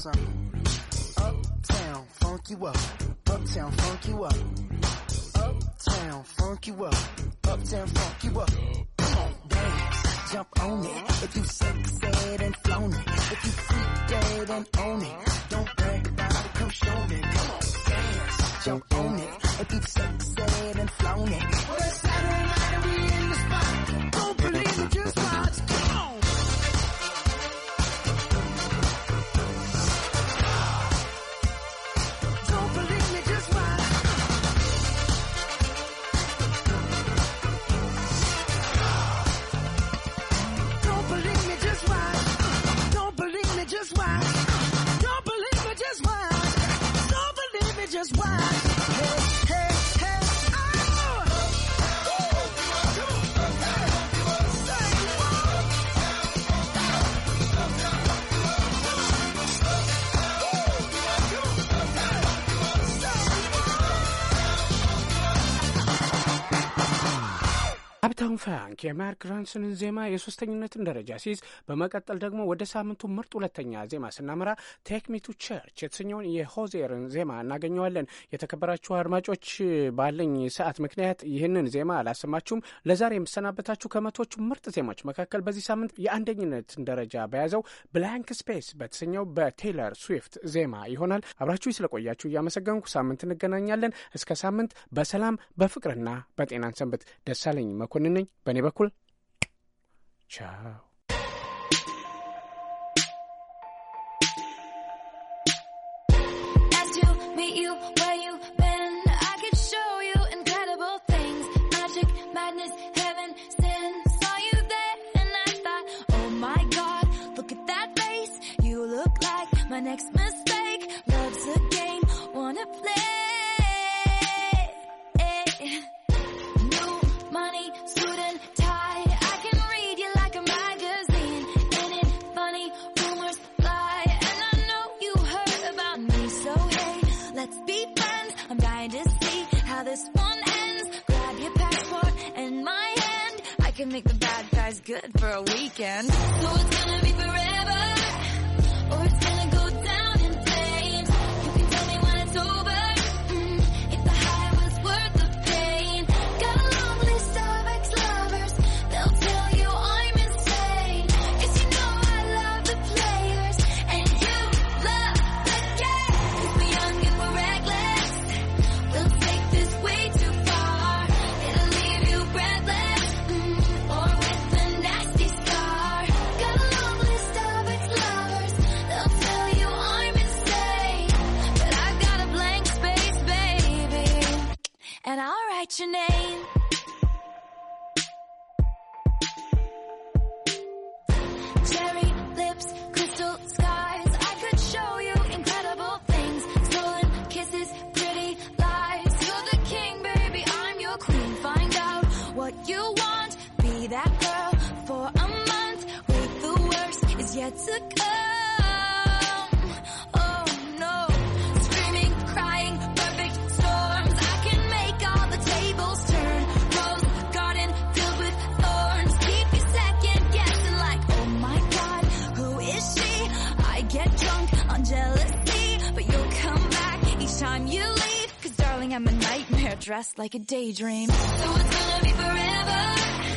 something. Uptown, funk you up. Uptown, funk you up. Uptown, funk you up. Uptown, funk you up. Come on, dance, jump on it. If you suck, said and flown it. If you freak dead and own it. Don't brag about it, come show me. Come on, dance, jump on it. If you suck, said and flown it. Well, it's Saturday night and we in the ፒተርን ፋንክ የማርክ ራንስንን ዜማ የሶስተኝነትን ደረጃ ሲይዝ፣ በመቀጠል ደግሞ ወደ ሳምንቱ ምርጥ ሁለተኛ ዜማ ስናመራ ቴክ ቸርች የተሰኘውን የሆዜርን ዜማ እናገኘዋለን። የተከበራችሁ አድማጮች ባለኝ ሰዓት ምክንያት ይህንን ዜማ አላሰማችሁም። ለዛሬ የምሰናበታችሁ ከመቶቹ ምርጥ ዜማዎች መካከል በዚህ ሳምንት የአንደኝነትን ደረጃ በያዘው ብላንክ ስፔስ በተሰኘው በቴይለር ስዊፍት ዜማ ይሆናል። አብራችሁ ስለቆያችሁ እያመሰገንኩ ሳምንት እንገናኛለን። እስከ ሳምንት በሰላም በፍቅርና በጤናን ሰንብት። ደሳለኝ መኮንን አማን ነኝ። በእኔ በኩል ቻው። Next for a weekend. So it's gonna be your name dressed like a daydream. So it's gonna be forever.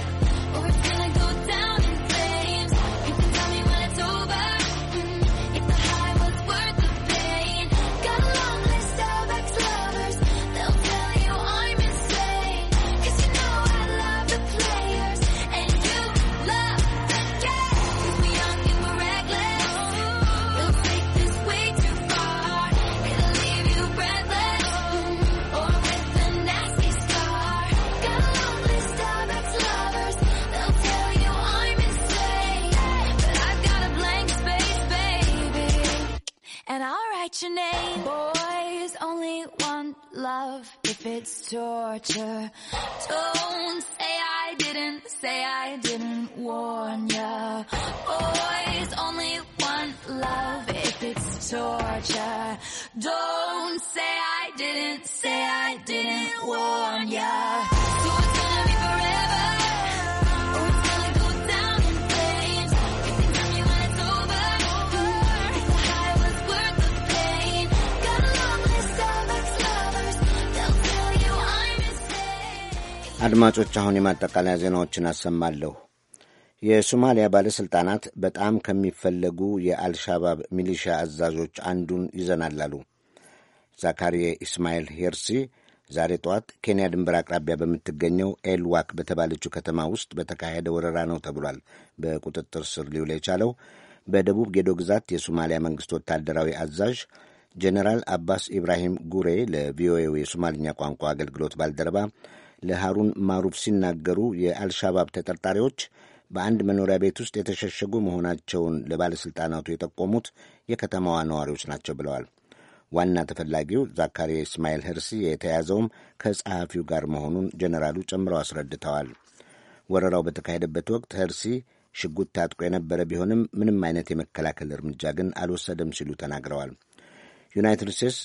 your name. Boys only want love if it's torture. Don't say I didn't, say I didn't warn ya. Boys only want love if it's torture. Don't say I didn't, say I didn't warn አድማጮች፣ አሁን የማጠቃለያ ዜናዎችን አሰማለሁ። የሶማሊያ ባለሥልጣናት በጣም ከሚፈለጉ የአልሻባብ ሚሊሻ አዛዦች አንዱን ይዘናል አሉ። ዛካሪዬ ኢስማኤል ሄርሲ ዛሬ ጠዋት ኬንያ ድንበር አቅራቢያ በምትገኘው ኤልዋክ በተባለችው ከተማ ውስጥ በተካሄደ ወረራ ነው ተብሏል። በቁጥጥር ስር ሊውል የቻለው በደቡብ ጌዶ ግዛት የሶማሊያ መንግሥት ወታደራዊ አዛዥ ጄኔራል አባስ ኢብራሂም ጉሬ ለቪኦኤው የሶማልኛ ቋንቋ አገልግሎት ባልደረባ ለሃሩን ማሩፍ ሲናገሩ የአልሻባብ ተጠርጣሪዎች በአንድ መኖሪያ ቤት ውስጥ የተሸሸጉ መሆናቸውን ለባለሥልጣናቱ የጠቆሙት የከተማዋ ነዋሪዎች ናቸው ብለዋል። ዋና ተፈላጊው ዛካሪ እስማኤል ህርሲ የተያዘውም ከጸሐፊው ጋር መሆኑን ጀኔራሉ ጨምረው አስረድተዋል። ወረራው በተካሄደበት ወቅት ህርሲ ሽጉጥ ታጥቆ የነበረ ቢሆንም ምንም አይነት የመከላከል እርምጃ ግን አልወሰደም ሲሉ ተናግረዋል። ዩናይትድ ስቴትስ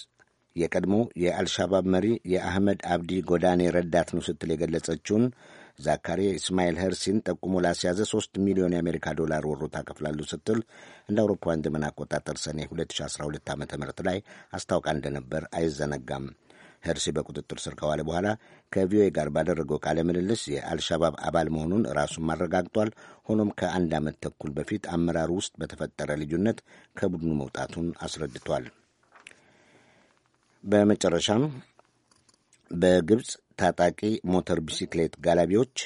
የቀድሞ የአልሻባብ መሪ የአህመድ አብዲ ጎዳኔ ረዳት ነው ስትል የገለጸችውን ዛካሪ ኢስማኤል ሄርሲን ጠቁሞ ላስያዘ ሶስት ሚሊዮን የአሜሪካ ዶላር ወሮታ ከፍላሉ ስትል እንደ አውሮፓውያን ዘመን አቆጣጠር ሰኔ 2012 ዓ ም ላይ አስታውቃ እንደነበር አይዘነጋም። ሄርሲ በቁጥጥር ስር ከዋለ በኋላ ከቪኦኤ ጋር ባደረገው ቃለ ምልልስ የአልሻባብ አባል መሆኑን ራሱን አረጋግጧል። ሆኖም ከአንድ ዓመት ተኩል በፊት አመራሩ ውስጥ በተፈጠረ ልዩነት ከቡድኑ መውጣቱን አስረድቷል። በመጨረሻም በግብፅ ታጣቂ ሞተር ቢሲክሌት ጋላቢዎች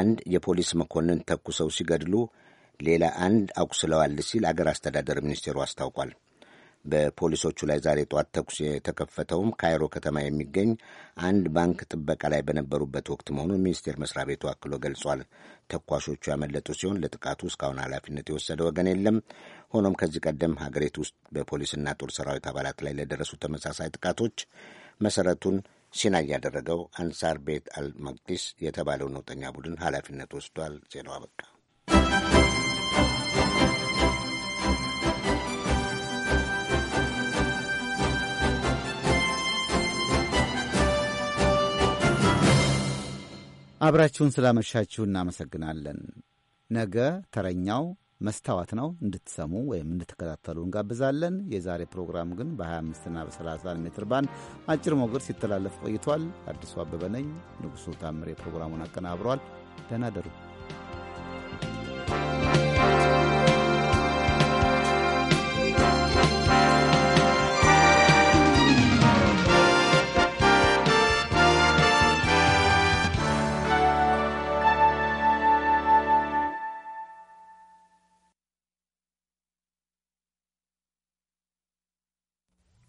አንድ የፖሊስ መኮንን ተኩሰው ሲገድሉ ሌላ አንድ አቁስለዋል ሲል አገር አስተዳደር ሚኒስቴሩ አስታውቋል። በፖሊሶቹ ላይ ዛሬ ጠዋት ተኩስ የተከፈተውም ካይሮ ከተማ የሚገኝ አንድ ባንክ ጥበቃ ላይ በነበሩበት ወቅት መሆኑን ሚኒስቴር መስሪያ ቤቱ አክሎ ገልጿል። ተኳሾቹ ያመለጡ ሲሆን ለጥቃቱ እስካሁን ኃላፊነት የወሰደ ወገን የለም። ሆኖም ከዚህ ቀደም ሀገሪቱ ውስጥ በፖሊስና ጦር ሰራዊት አባላት ላይ ለደረሱ ተመሳሳይ ጥቃቶች መሰረቱን ሲናይ ያደረገው አንሳር ቤት አልመቅዲስ የተባለው ነውጠኛ ቡድን ኃላፊነት ወስዷል። ዜናው አበቃ። አብራችሁን ስላመሻችሁ እናመሰግናለን። ነገ ተረኛው መስታወት ነው እንድትሰሙ ወይም እንድትከታተሉ እንጋብዛለን። የዛሬ ፕሮግራም ግን በ25ና በ30 ሜትር ባንድ አጭር ሞገድ ሲተላለፍ ቆይቷል። አዲሱ አበበ ነኝ። ንጉሡ ታምሬ ፕሮግራሙን አቀናብሯል። ደህና ደሩ።